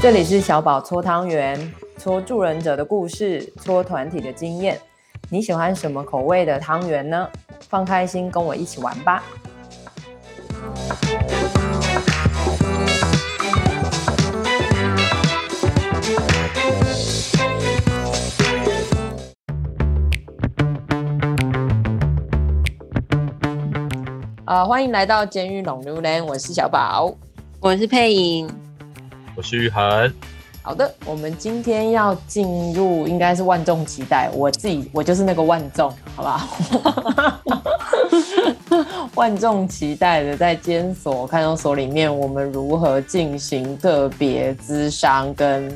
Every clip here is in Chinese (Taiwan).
這裡是小寶搓湯圓、搓助人者的故事、搓團體的經驗。你喜歡什麼口味的湯圓呢？放開心，跟我一起玩吧！啊、呃，歡迎來到監獄浪流漣，我是小寶，我是佩穎。我是玉恆，好的，我們今天要進入，應該是萬眾期待，我自己我就是那個萬眾，好不好？ 萬眾期待的在監所看守所裡面，我們如何進行特別諮商跟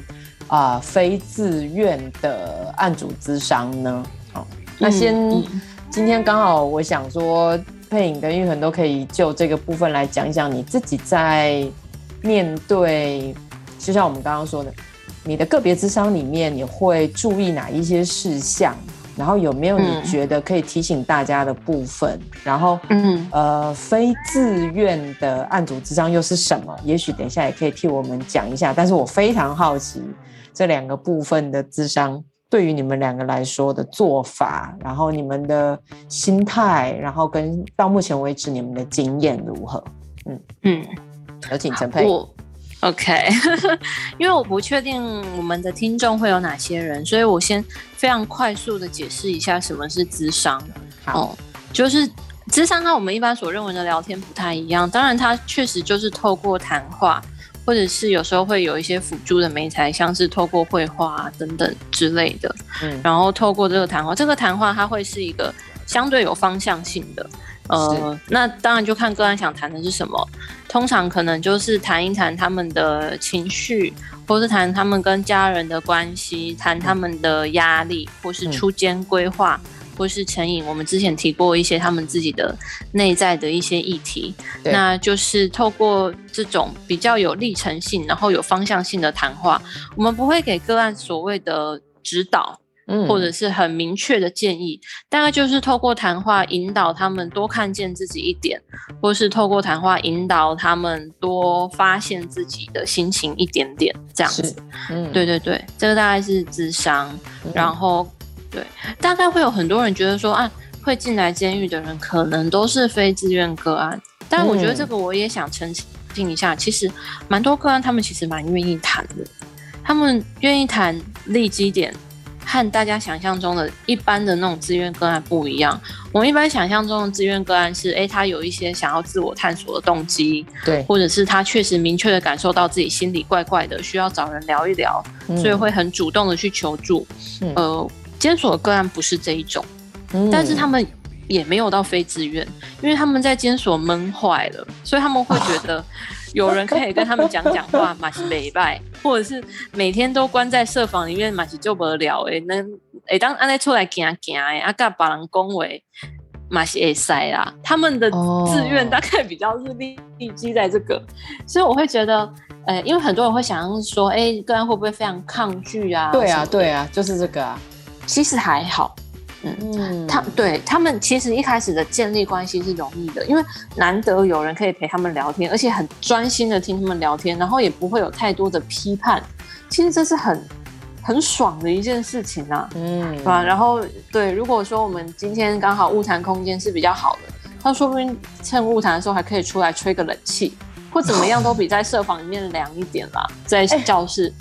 啊、呃、非自願的案主諮商呢？好，那先、嗯嗯、今天剛好我想說，佩穎跟玉恆都可以就這個部分來講一講，你自己在面對。就像我們剛剛說的，你的個別諮商裡面你會注意哪一些事項？然後有沒有你覺得可以提醒大家的部分？嗯、然後，嗯，呃，非自願的案主諮商又是什麼？也許等一下也可以替我們講一下。但是我非常好奇這兩個部分的諮商對於你們兩個來說的做法，然後你們的心態，然後跟到目前為止你們的經驗如何？嗯嗯，有請陳佩。OK， 因為我不確定，我們的聽眾會有哪些人，所以我先非常快速的解釋一下什麼是諮商。哦、嗯，就是諮商和我們一般所認為的聊天不太一樣，當然它確實就是透過談話，或者是有時候會有一些輔助的媒材，像是透過繪畫等等之類的。嗯，然後透過這個談話，這個談話它會是一個相對有方向性的。呃，那當然就看個案想談的是什麼，通常可能就是談一談他們的情緒，或是談他們跟家人的關係，談他們的壓力，或是出監規劃，或是成癮。我們之前提過一些他們自己的內在的一些議題，那就是透過這種比較有歷程性，然後有方向性的談話，我們不會給個案所謂的指導。或者是很明確的建議、嗯，大概就是透過談話引導他們多看見自己一點，或是透過談話引導他們多發現自己的心情一點點，這樣子。嗯，對對對，這個大概是諮商、嗯。然後，對，大概會有很多人覺得說，啊，會進來監獄的人可能都是非自願個案、嗯，但我覺得這個我也想澄清一下，其實蠻多個案他們其實蠻願意談的，他們願意談，立基點和大家想象中的一般的那種自願個案不一樣。我們一般想象中的自願個案是，誒、欸，他有一些想要自我探索的動機，對，或者是他確實明確的感受到自己心裡怪怪的，需要找人聊一聊，嗯、所以會很主動的去求助。呃，監所的個案不是這一種、嗯，但是他們也沒有到非自願，因為他們在監所悶壞了，所以他們會覺得。啊 有人可以跟他們講講話，嘛是禮拜， 或者是每天都關在社房裡面，嘛是受不了誒。那誒，當安內出來行行誒，阿個把人恭維，嘛是，會塞啦。他們的志願大概比較是立立基在這個，oh。所以我會覺得，呃，因為很多人會想要說，誒、欸，個案會不會非常抗拒啊？對啊，對啊，就是這個啊。其實還好。嗯，他對他們其實一開始的建立關係是容易的，因為難得有人可以陪他們聊天，而且很專心的聽他們聊天，然後也不會有太多的批判，其實這是很很爽的一件事情啊。嗯，對吧？然後對，如果說我們今天剛好晤談空間是比較好的，他說不定趁晤談的時候還可以出來吹個冷氣，或怎麼樣都比在舍房裡面涼一點啦，哦、在教室。欸、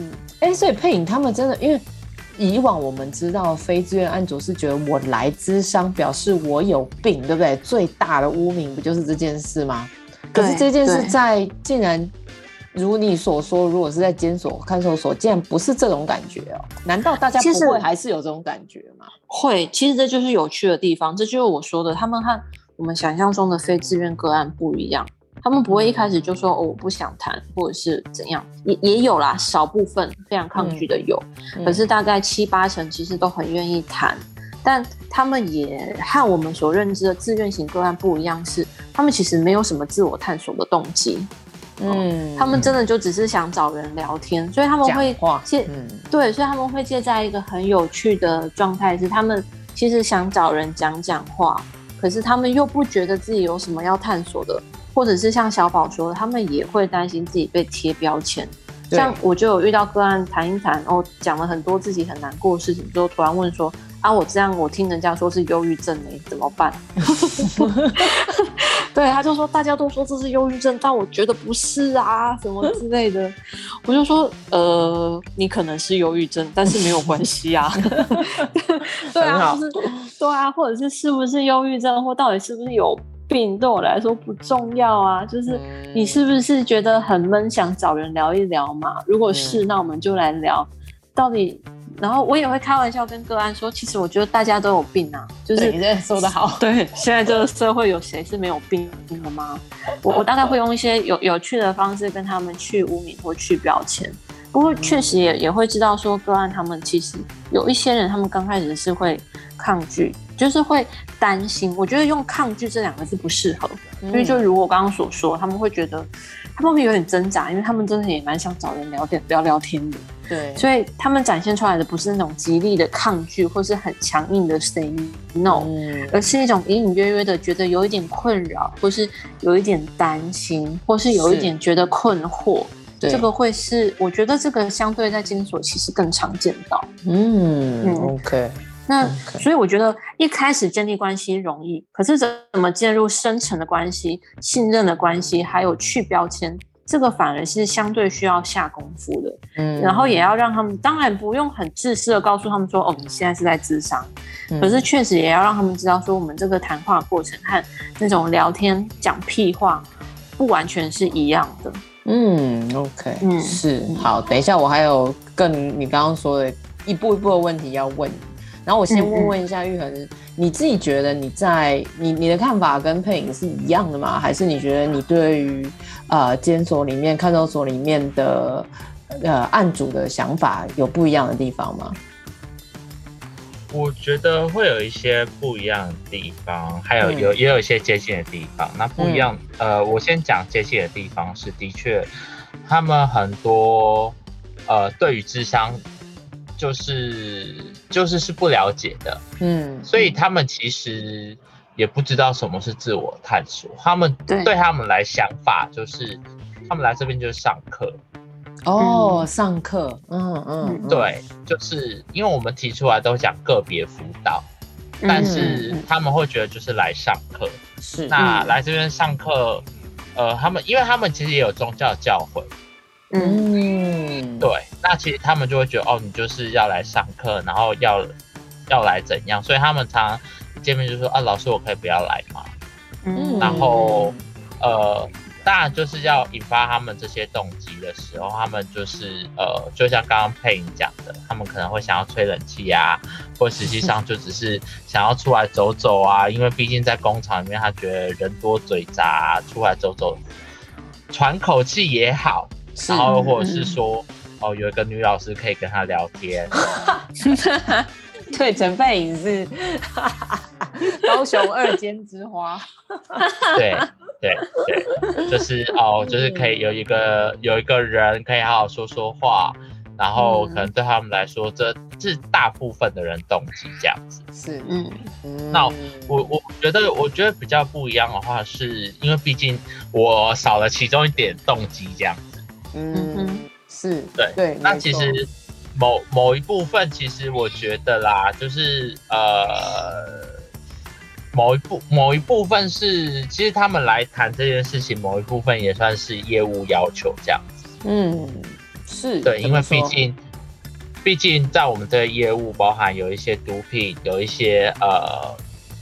嗯，哎、欸，所以配影他們真的因為。以往我們知道非自願案主是覺得我來諮商，表示我有病，對不對？最大的污名不就是這件事嗎？可是這件事在既然如你所說，如果是在監所看守所，竟然不是這種感覺哦。難道大家不會還是有這種感覺嗎？會，其實這就是有趣的地方，這就是我說的，他們和我們想象中的非自願個案不一樣。他們不會一開始就說、哦、我不想談，或者是怎樣，也也有啦，少部分非常抗拒的有、嗯，可是大概七八成其實都很願意談、嗯，但他們也和我們所認知的自願型個案不一樣是，是他們其實沒有什麼自我探索的動機，嗯、哦，他們真的就只是想找人聊天，所以他們會借、嗯、對，所以他們會借在一個很有趣的狀態，是他們其實想找人講講話，可是他們又不覺得自己有什麼要探索的。或者是像小寶說，他們也會擔心自己被貼標籤。像我就有遇到個案談一談，然後講了很多自己很難過的事情，之後突然問說：“啊，我這樣，我聽人家說是憂鬱症，誒，怎麼辦？” 對，他就說大家都說這是憂鬱症，但我覺得不是啊，什麼之類的。 我就說：“呃，你可能是憂鬱症，但是沒有關係啊。 對”對啊，就是，對啊，或者是是不是憂鬱症，或到底是不是有？病對我來說不重要啊，就是你是不是覺得很悶，想找人聊一聊嘛？如果是，那我們就來聊到底，然後我也會開玩笑跟個案說，其實我覺得大家都有病啊，就是你現在說的好。對，現在這個社會有誰是沒有病的嗎？我我大概會用一些有有趣的方式跟他們去污名或去標籤。不過確實也、嗯、也會知道說個案，他們其實有一些人，他們剛開始是會抗拒，就是會擔心。我覺得用抗拒這兩個字不適合的、嗯，因為就如我剛剛所說，他們會覺得他們會有點掙扎，因為他們真的也蠻想找人聊天聊聊天的。對，所以他們展現出來的不是那種極力的抗拒或是很強硬的 say no，、嗯、而是一種隱隱約約的覺得有一點困擾，或是有一點擔心，或是有一點覺得困惑。這個會是，我覺得這個相對在監所其實更常見到。嗯，嗯，OK，那 okay. 所以我覺得一開始建立關係容易，可是怎怎麼進入深層的關係、信任的關係，還有去標籤，這個反而是相對需要下功夫的。嗯，然後也要讓他們，當然不用很自私的告訴他們說，哦，你現在是在諮商、嗯，可是確實也要讓他們知道說，我們這個談話的過程和那種聊天講屁話不完全是一樣的。嗯，OK，嗯，是好。等一下，我還有更你剛剛說的一步一步的問題要問。然後我先問問一下玉恆，嗯嗯，你自己覺得你在你你的看法跟配影是一樣的嗎？還是你覺得你對於呃監所裡面看守所裡面的呃案主的想法有不一樣的地方嗎？我覺得會有一些不一樣的地方，還有有也有一些接近的地方。嗯、那不一樣，嗯、呃，我先講接近的地方是的確，他們很多呃對於諮商就是就是是不了解的，嗯，所以他們其實也不知道什麼是自我探索。他們對他們來想法就是他們來這邊就是上課。嗯、哦，上課，嗯嗯，對，就是因為我們提出來都講個別輔導、嗯，但是他們會覺得就是來上課，是那來這邊上課、嗯，呃，他們因為他們其實也有宗教教誨，嗯，對，那其實他們就會覺得哦，你就是要來上課，然後要要來怎樣，所以他們常見面就說啊，老師，我可以不要來嗎？嗯，然後呃。當然，就是要引發他們這些動機的時候，他們就是呃，就像剛剛佩穎講的，他們可能會想要吹冷氣啊，或實際上就只是想要出來走走啊，因為畢竟在工廠裡面，他覺得人多嘴雜、啊，出來走走喘口氣也好，然後或者是說，哦、呃，有一個女老師可以跟他聊天，對，陳佩穎是高雄二監之花，對。 對對，就是哦，就是可以有一個有一個人可以好好說說話，然後可能對他們來說，這是大部分的人動機這樣子，是嗯，嗯，那我我覺得我覺得比較不一樣的話是，是因為畢竟我少了其中一點動機這樣子，嗯，是，對對，那其實某某一部分，其實我覺得啦，就是呃。某一部某一部分是，其實他們來談這件事情，某一部分也算是業務要求這樣子。嗯，是對，因為畢竟，畢竟在我們這個業務，包含有一些毒品，有一些呃，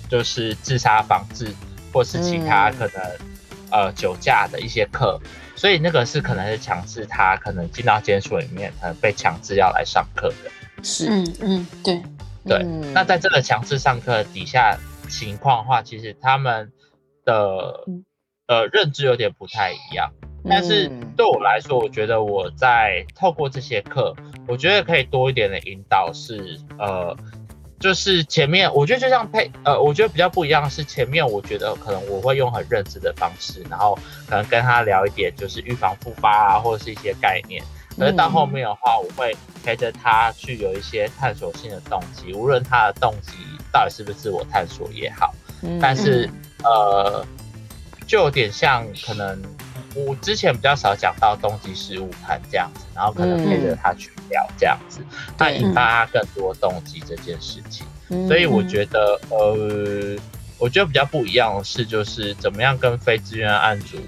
就是自殺防治，或是其他可能、嗯、呃酒駕的一些課，所以那個是可能是強制他可能進到監所裡面，可能被強制要來上課的。是，嗯嗯，對對、嗯。那在這個強制上課底下。情況的話，其實他們的呃認知有點不太一樣，但是對我來說，我覺得我在透過這些課，我覺得可以多一點的引導是呃，就是前面我覺得就像配，呃，我覺得比較不一樣的是前面我覺得可能我會用很認知的方式，然後可能跟他聊一點就是預防複發啊，或者是一些概念，可是到後面的話，我會陪着他去有一些探索性的動機，無論他的動機。到底是不是自我探索也好，嗯嗯但是呃，就有點像可能我之前比較少講到動機式晤談這樣子，然後可能陪著他去聊這樣子，那引發更多動機這件事情、嗯。所以我覺得呃，我覺得比較不一樣的是，就是怎麼樣跟非自願案主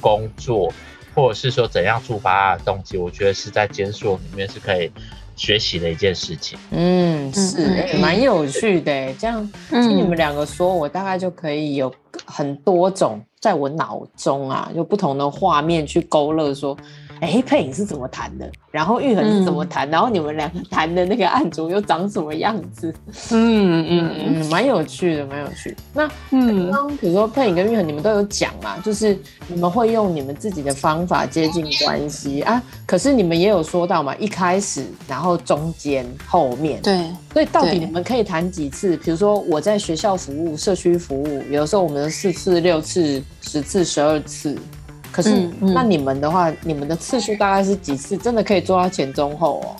工作，或者是說怎樣觸發他的動機，我覺得是在監所裡面是可以。學習的一件事情，嗯，是蠻有趣的欸，這樣，聽你們兩個說，我大概就可以有很多種，在我腦中啊，有不同的畫面去勾勒說。哎，佩影是怎麼談的？然後玉恆是怎麼談，嗯？然後你們兩個談的那個案主又長什麼樣子？嗯嗯嗯，蠻、嗯嗯、有趣的，蠻有趣的。那嗯，比如說佩影跟玉恆，你們都有講嘛，就是你們會用你們自己的方法接近關係啊。可是你們也有說到嘛，一開始，然後中間，後面。對。所以到底你們可以談幾次？比如說我在學校服務、社區服務，有的時候我們四次、六次、十次、十二次。可是，嗯嗯，那你們的話，你們的次數大概是幾次？真的可以做到前中後哦？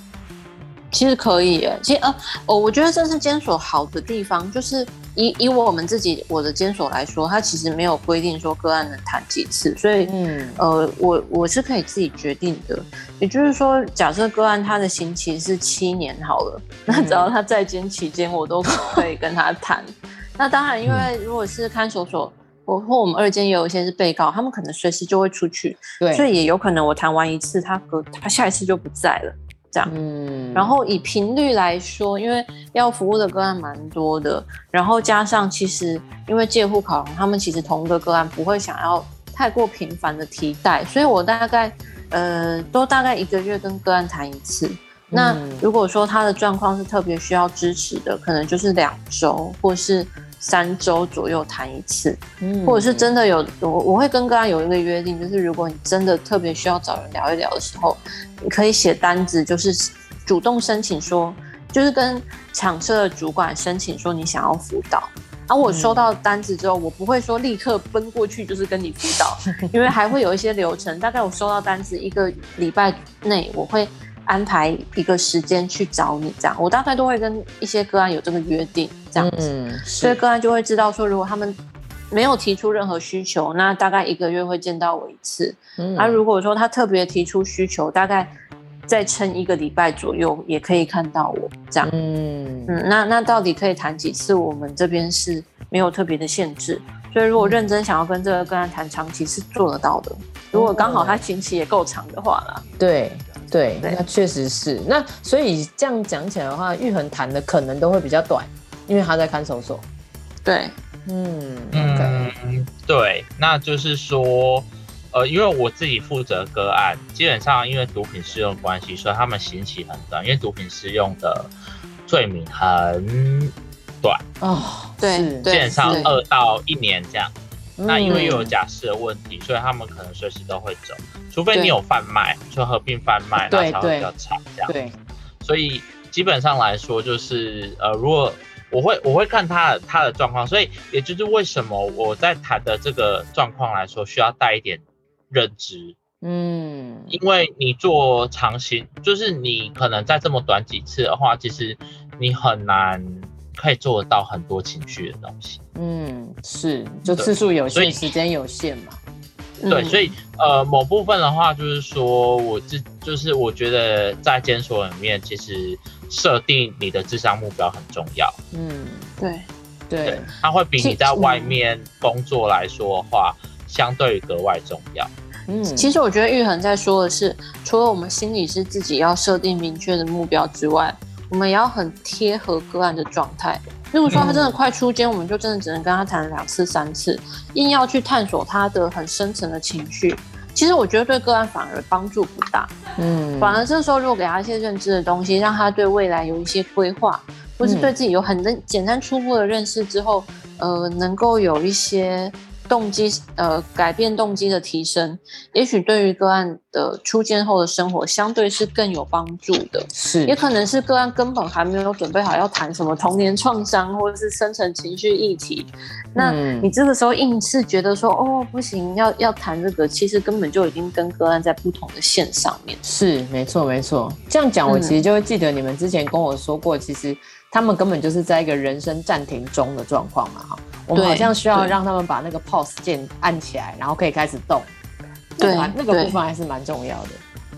其實可以，其實呃哦，我覺得這是監所好的地方，就是以以我們自己我的監所來說，他其實沒有規定說個案能談幾次，所以，嗯，呃我我是可以自己決定的。也就是說，假設個案他的刑期是七年好了，嗯，那只要他在監期間，我都可以跟他談。 那當然，因為如果是看守所。我或我們二間也有一些是被告，他們可能隨時就會出去，對，所以也有可能我談完一次，他隔他下一次就不在了，這樣。嗯。然後以頻率來說，因為要服務的個案蠻多的，然後加上其實因為戒護考量，他們其實同一個個案不會想要太過頻繁的替代，所以我大概呃都大概一個月跟個案談一次。那如果說他的狀況是特別需要支持的，可能就是兩週或是。三週左右談一次，或者是真的有我，我會跟大家有一個約定，就是如果你真的特別需要找人聊一聊的時候，你可以寫單子，就是主動申請說，就是跟搶車的主管申請說你想要輔導。而、啊、我收到單子之後，我不會說立刻奔過去就是跟你輔導，因為還會有一些流程。大概我收到單子一個禮拜內，我會。安排一個時間去找你，這樣我大概都會跟一些個案有這個約定，這樣子嗯嗯，所以個案就會知道說，如果他們沒有提出任何需求，那大概一個月會見到我一次。嗯，啊、如果說他特別提出需求，大概再撐一個禮拜左右也可以看到我，這樣。嗯嗯，那那到底可以談幾次？我們這邊是沒有特別的限制，所以如果認真想要跟這個個案談長期是做得到的，嗯、如果剛好他刑期也夠長的話啦。對。對，對，那確實是那，所以這樣講起來的話，晤談的可能都會比較短，因為他在看守所。對，嗯嗯、okay、嗯，對，那就是說，呃，因為我自己負責個案，基本上因為毒品適用關係，所以他們刑期很短，因為毒品適用的罪名很短哦，對，基本上二到一年這樣。那因為又有假釋的問題、嗯，所以他們可能隨時都會走，除非你有販賣，就合併販賣，那才會比較長。對，所以基本上來說，就是呃，如果我會我會看他的他的狀況，所以也就是為什麼我在談的這個狀況來說，需要帶一點認知，嗯，因為你做長期，就是你可能在這麼短幾次的話，其實你很難。可以做得到很多情緒的東西。嗯，是，就次數有限，所以時間有限嘛。對，嗯、所以呃，某部分的話，就是說，我自就是我覺得在監所裡面，其實設定你的諮商目標很重要。嗯對，對，對，它會比你在外面工作來說的話，相對格外重要。嗯，其實我覺得玉恆在說的是，除了我們心理師自己要設定明確的目標之外。我們也要很貼合個案的狀態。如果說他真的快出監，嗯，我們就真的只能跟他談兩次、三次，硬要去探索他的很深層的情緒，其實我覺得對個案反而幫助不大。嗯，反而這時候如果給他一些認知的東西，讓他對未來有一些規劃，嗯，或是對自己有很簡單初步的認識之後，呃，能夠有一些動機，呃，改變動機的提升，也許對於個案。的出監後的生活相對是更有幫助的。是，也可能是個案根本還沒有準備好要談什麼童年創傷或者是深層情緒議題，嗯，那你這個時候硬是覺得說哦，不行，要要談這個，其實根本就已經跟個案在不同的線上面。是，沒錯沒錯，這樣講我其實就會記得你們之前跟我說過。嗯、其實他們根本就是在一個人生暫停中的狀況嘛哈，我們好像需要讓他們把那個 pause 鍵按起來，然後可以開始動。對、那個，嗯，那個部分還是蠻重要的。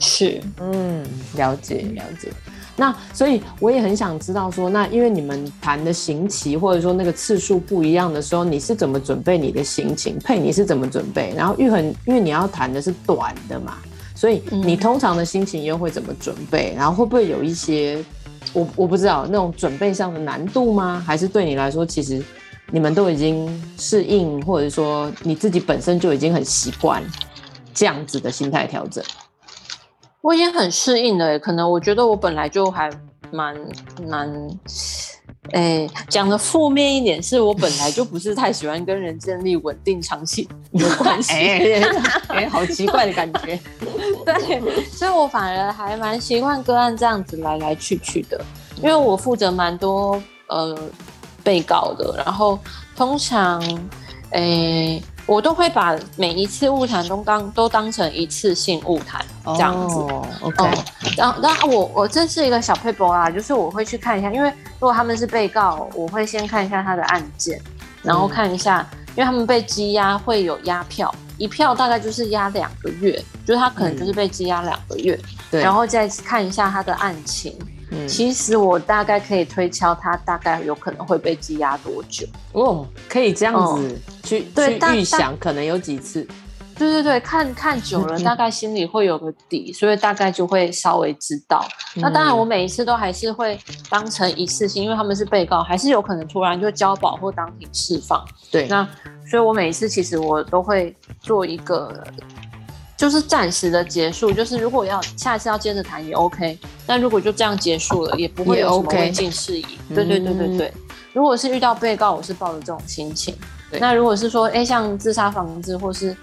是，嗯，了解了解。那所以我也很想知道說，說那因為你們談的刑期或者說那個次數不一樣的時候，你是怎麼準備你的心情？配你是怎麼準備？然後玉恆，因為你要談的是短的嘛，所以你通常的心情又會怎麼準備？然後會不會有一些，嗯、我我不知道那種準備上的難度嗎？還是對你來說，其實你們都已經適應，或者說你自己本身就已經很習慣？這樣子的心態調整，我已經很適應了、欸。可能我覺得我本來就還蠻蠻哎，講的負面一點，是我本來就不是太喜歡跟人建立穩定長期的關係。哎、 欸欸欸 欸欸，好奇怪的感覺。 對，所以我反而還蠻習慣個案這樣子來來去去的，因為我負責蠻多呃被告的，然後通常、欸嗯我都會把每一次晤談都當都當成一次性晤談，哦，這樣子，哦，OK，嗯。然後，然後我我這是一個小撇步啊啦，就是我會去看一下，因為如果他們是被告，我會先看一下他的案件，然後看一下，嗯，因為他們被羈押會有押票，一票大概就是押兩個月，就是他可能就是被羈押兩個月，對，嗯，然後再看一下他的案情。其實我大概可以推敲他大概有可能會被羈押多久。哦，可以這樣子去、嗯、對去預想可能有幾次。對對對，看看久了，大概心裡會有個底， 所以大概就會稍微知道。嗯、那當然，我每一次都還是會當成一次性，因為他們是被告，還是有可能突然就交保或當庭釋放。對，那所以我每一次其實我都會做一個。就是暫時的結束，就是如果要下次要接着談也 OK，那如果就這樣結束了，也不會有什麼未盡事宜。OK、對對對對對，對、嗯，如果是遇到被告，我是抱着這種心情對。那如果是說，哎、欸，像自殺、房子或是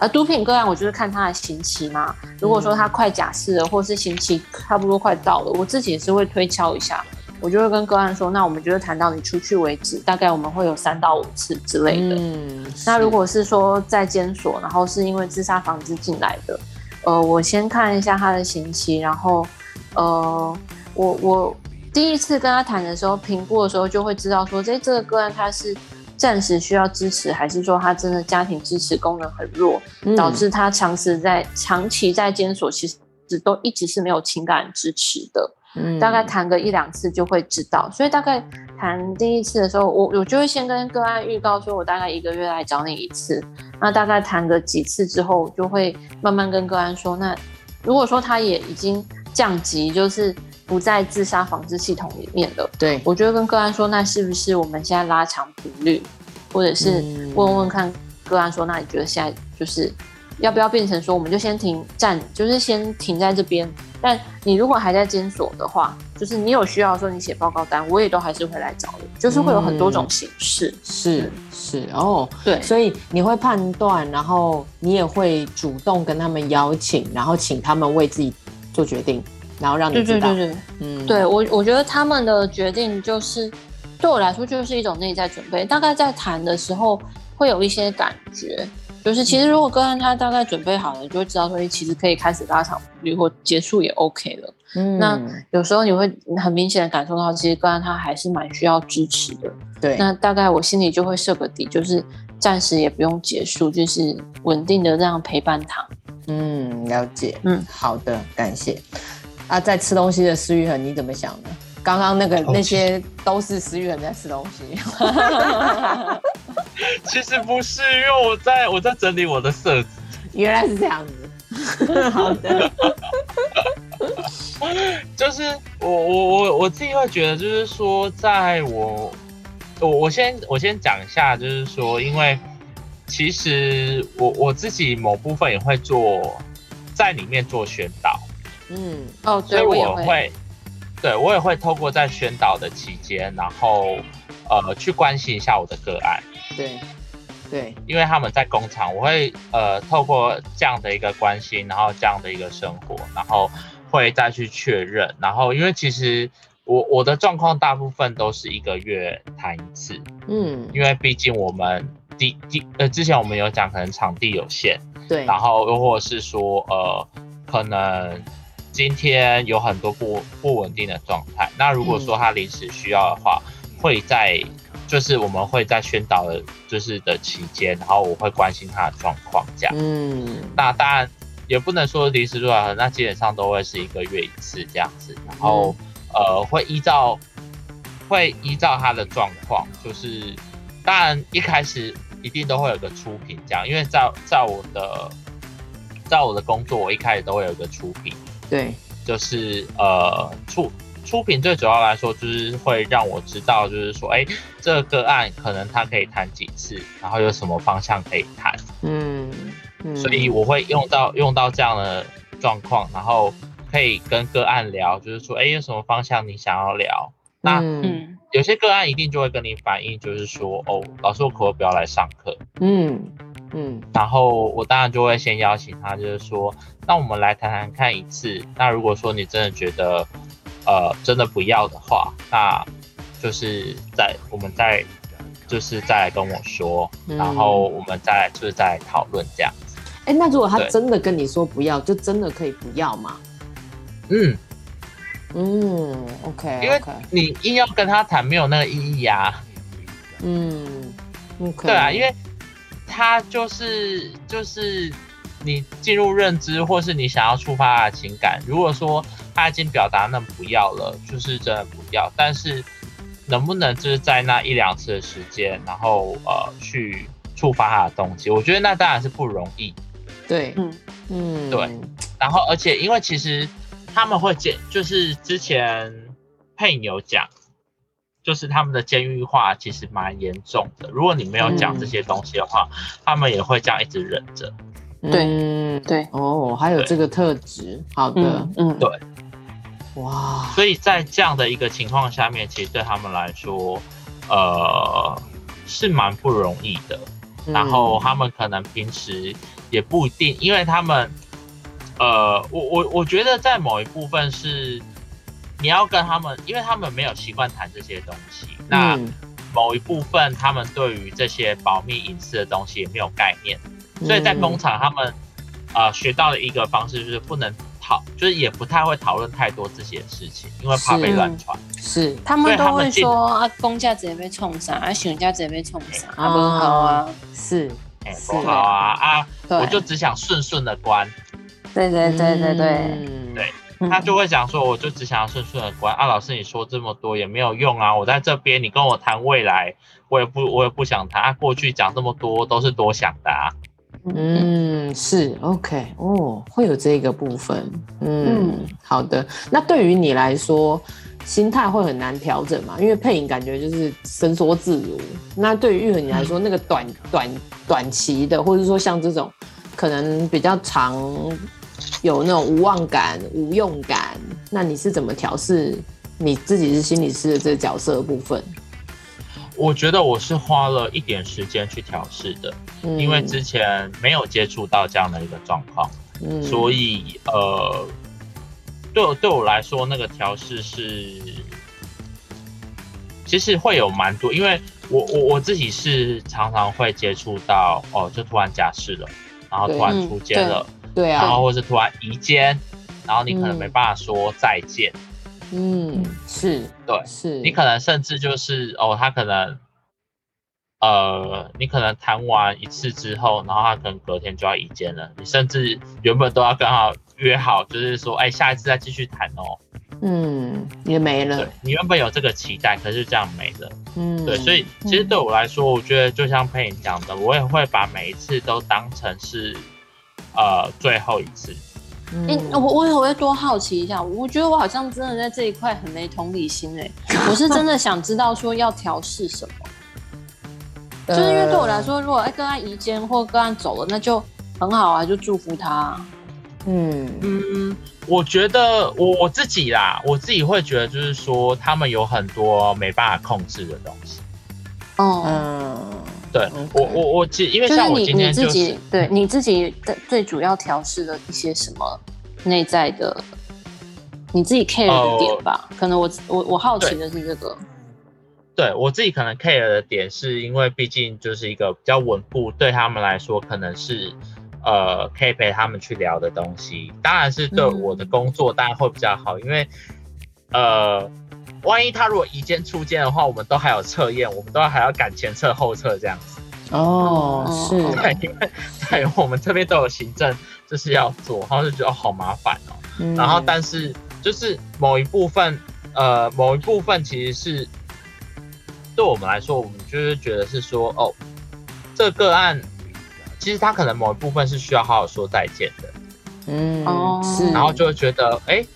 呃毒品個案，我就是看他的刑期嘛。如果說他快假釋了，嗯，或是刑期差不多快到了，我自己也是會推敲一下。我就會跟個案說，那我們就是談到你出去為止，大概我們會有三到五次之類的。嗯，那如果是說在監所，然後是因為自殺防治進來的，呃，我先看一下他的刑期，然後，呃，我我第一次跟他談的時候，評估的時候就會知道說，哎，這個個案他是暫時需要支持，還是說他真的家庭支持功能很弱，導致他長時在長期在監所其實都一直是沒有情感支持的。嗯、大概談個一兩次就會知道，所以大概談第一次的時候，我我就會先跟個案預告說，我大概一個月來找你一次。那大概談個幾次之後，我就會慢慢跟個案說，那如果說他也已經降級，就是不在自殺防治系統裡面了，對我就會跟個案說，那是不是我們現在拉長頻率，或者是問問看個案說，那你覺得現在就是要不要變成說，我們就先停站，就是先停在這邊。但你如果還在監所的話，就是你有需要說你寫報告單，我也都還是會來找你。嗯、就是會有很多種形式。是是，哦，oh, 對，所以你會判斷，然後你也會主動跟他們邀請，然後請他們為自己做決定，然後讓你知道。對對對對，嗯，對我我覺得他們的決定就是對我來說就是一種內在準備，大概在談的時候會有一些感覺。就是其實，如果個案他大概準備好了，就會知道說其實可以開始拉長，如果結束也 OK 了。嗯，那有時候你會很明顯的感受到，其實個案他還是蠻需要支持的。對，那大概我心裡就會設個底，就是暫時也不用結束，就是穩定的這樣陪伴他。嗯，了解。嗯，好的，感謝。啊，在吃東西的思域和你怎麼想呢？剛剛那個那些都是思域人在吃東西。 其實不是，因為我在我在整理我的設置。原來是這樣子， 好的。就是我我我我自己會覺得，就是說，在我我我先我先講一下，就是說，因為其實我我自己某部分也會做，在裡面做宣導。嗯，哦、oh,，所以我也會。我會對，我也會透過在宣導的期間，然後呃去關心一下我的個案。對，對，因為他們在工廠，我會呃透過這樣的一個關心，然後這樣的一個生活，然後會再去確認。然後，因為其實我我的狀況大部分都是一個月談一次，嗯，因為畢竟我們第第呃之前我們有講，可能場地有限，對，然後又或者是說呃可能。今天有很多不不穩定的狀態。那如果說他臨時需要的話，嗯、會在就是我們會在宣導的，就是的期間，然後我會關心他的狀況，這樣。嗯。那當然也不能說臨時需要，那基本上都會是一個月一次這樣子。然後、嗯、呃，會依照會依照他的狀況，就是當然一開始一定都會有個初評這樣。因為在在我的在我的工作，我一開始都會有一個初評。對，就是呃出出品最主要來說，就是會讓我知道，就是說，欸，這個個案可能他可以談幾次，然後有什麼方向可以談。嗯，嗯，所以我會用到用到這樣的狀況，然後可以跟個案聊，就是說，欸，有什麼方向你想要聊？那，嗯，有些個案一定就會跟你反映，就是說，哦，老師，我可不可以不要來上課？嗯。嗯，然後我當然就會先邀請他，就是說，那我們來談談看一次。那如果說你真的覺得，呃，真的不要的話，那就是再，我們再就是再來跟我說，嗯、然後我們再來就是再討論這樣子。哎，那如果他真的跟你說不要，就真的可以不要嗎？嗯嗯，okay，因為你硬要跟他談，沒有那個意義啊。嗯、okay、對啊，因為。他就是就是你進入認知，或是你想要觸發他的情感。如果說他已經表達，那不要了，就是真的不要。但是能不能就是在那一兩次的時間，然後呃去觸發他的動機？我覺得那當然是不容易。對，嗯對。然後而且因為其實他們會接，就是之前佩穎有講。就是他們的監獄化其實蠻嚴重的。如果你沒有講這些東西的話，嗯，他們也會這樣一直忍着，嗯。對對哦，還有這個特質，好的嗯，嗯，對，哇。所以在這樣的一個情況下面，其實對他們來說，呃，是蠻不容易的。然後他們可能平時也不一定，嗯，因為他們，呃，我我我覺得在某一部分是。你要跟他們，因為他們沒有習慣談這些東西、嗯。那某一部分，他們對於這些保密隱私的東西也沒有概念。嗯、所以在工廠，他們啊、呃、學到的一個方式，就是不能討，就是也不太會討論太多這些事情，因為怕被亂傳。是，是是他們都會說啊，公家直接被衝上，啊，私家直接被衝上，不好啊，是，哎、欸，不好啊，啊，我就只想順順的關。對對對對對，對，嗯，對。他就會想說，我就只想要順順的關啊。老師，你說這麼多也沒有用啊。我在這邊，你跟我談未來，我也不，我也不想談啊。過去講這麼多都是多想的啊。嗯，是 OK 哦，會有這個部分。嗯，嗯好的。那對於你來說，心態會很難調整嘛？因為配音感覺就是伸縮自如。那對於玉衡你來說，嗯、那個短短短期的，或者說像這種可能比較長。有那種無望感、無用感，那你是怎麼調適？你自己是心理師的這個角色的部分？我覺得我是花了一點時間去調適的、嗯，因為之前沒有接觸到這樣的一個狀況、嗯，所以呃，對對我來說，那個調適是其實會有蠻多，因為我我我自己是常常會接觸到哦、呃，就突然假釋了，然後突然出監了。對啊，然後或是突然移監，然後你可能沒辦法說再見。嗯，嗯是對，是你可能甚至就是哦，他可能，呃，你可能談完一次之後，然後他可能隔天就要移監了。你甚至原本都要剛好約好，就是說，哎、欸，下一次再繼續談哦。嗯，也沒了。對，你原本有這個期待，可是這樣沒了。嗯，對，所以其實對我來說，我覺得就像佩瑩講的，我也會把每一次都當成是。呃，最後一次。嗯，欸、我我我要多好奇一下。我覺得我好像真的在這一塊很沒同理心哎、欸。 我是真的想知道說要調適什麼、嗯。就是因為對我來說，如果哎個案移監或個案走了，那就很好啊，就祝福他。嗯嗯，我覺得我我自己啦，我自己會覺得就是說他們有很多沒辦法控制的東西。哦、嗯。嗯。對我、okay. 我我其實，因為像我今天、就是就是你你自己，對你自己的最主要調適的一些什麼內在的，你自己 care 的點吧？呃、可能我我我好奇的是這個。對,對我自己可能 care 的點，是因為畢竟就是一個比較穩固，對他們來說可能是呃可以陪他們去聊的東西。當然是對我的工作當然會比較好，嗯、因為呃。萬一他如果移監出監的話，我們都還有測驗，我們都還要趕前測後測這樣子。哦，是， 因為我們這邊都有行政這是要做，然後就覺得好麻煩哦、嗯。然後但是就是某一部分，呃，某一部分其實是對我們來說，我們就是覺得是說哦，這個案其實他可能某一部分是需要好好說再見的。嗯，是、哦，然後就會覺得哎、欸，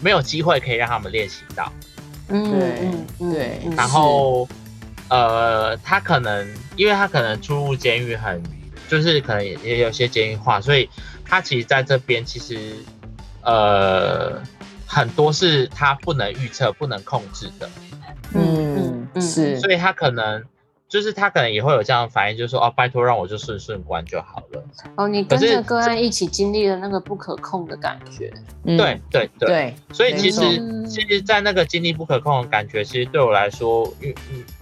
沒有機會可以讓他們練習到。對對，對，然後，呃，他可能，因為他可能出入監獄很，就是可能也有些監獄化，所以他其實在這邊其實，呃，很多是他不能預測、不能控制的。嗯嗯是，所以他可能。就是他可能也會有這樣的反應，就是說哦，拜托讓我就順順關就好了。哦，你跟着個案一起經歷了那個不可控的感覺，嗯、對對對，對。所以其實其實，在那個經歷不可控的感覺，其實對我來說，因為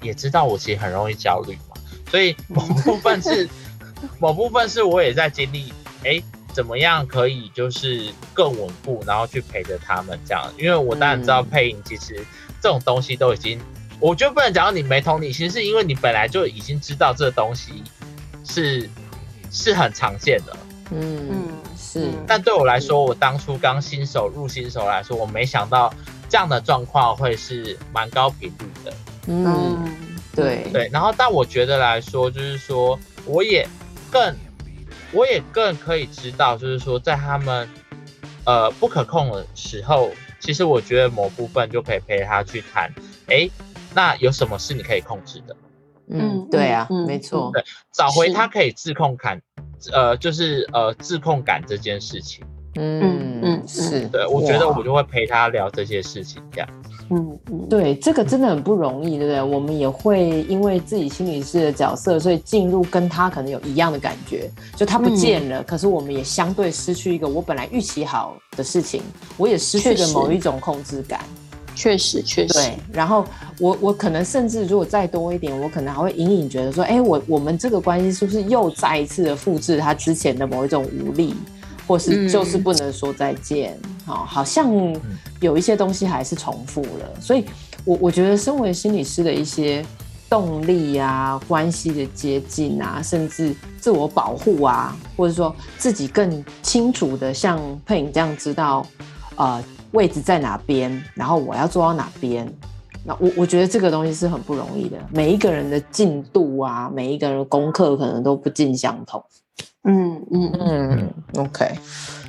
也知道我其實很容易焦慮嘛，所以某部分是 某部分是我也在經歷，哎，怎麼樣可以就是更穩固，然後去陪着他們這樣。因為我當然知道配音其實這種東西都已經。我就不能講到你沒同理心，其實是因為你本來就已經知道這東西是是很常見的，嗯，是。但對我來說，我當初剛新手入新手來說，我沒想到這樣的狀況會是蠻高頻率的，嗯，對對。然後，但我覺得來說，就是說，我也更，我也更可以知道，就是說，在他們呃不可控的時候，其實我覺得某部分就可以陪他去談，誒、欸。那有什麼是你可以控制的？嗯，對啊，嗯、沒錯，對，找回他可以自控感，呃，就是呃，自控感這件事情。嗯嗯，是，對，我覺得我就會陪他聊這些事情，這樣。嗯嗯，對，這個真的很不容易，對不對？我們也會因為自己心理師的角色，所以進入跟他可能有一樣的感覺，就他不見了，嗯、可是我們也相對失去一個我本來預期好的事情，我也失去了某一種控制感。確實，確實。對，然後我我可能甚至如果再多一點，我可能還會隱隱覺得說，哎、欸，我我們這個關係是不是又再一次的複製他之前的某一種無力，或是就是不能說再見？好、嗯哦，好像有一些東西還是重複了。所以我，我我覺得身為心理師的一些動力呀、啊、關係的接近啊，甚至自我保護啊，或者說自己更清楚的，像佩瑩這樣知道，啊、呃。位置在哪邊？然後我要做到哪邊？那我我覺得這個東西是很不容易的。每一個人的進度啊，每一個人的功課可能都不盡相同。嗯嗯嗯，OK。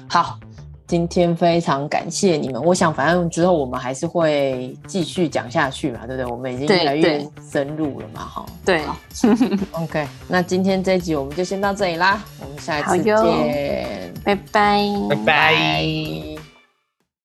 好，今天非常感謝你們。我想，反正之後我們還是會繼續講下去嘛，對不對？我們已經越來越深入了嘛，哈。對。對 OK。那今天這一集我們就先到這裡啦。我們下一次見。拜拜。拜拜。拜拜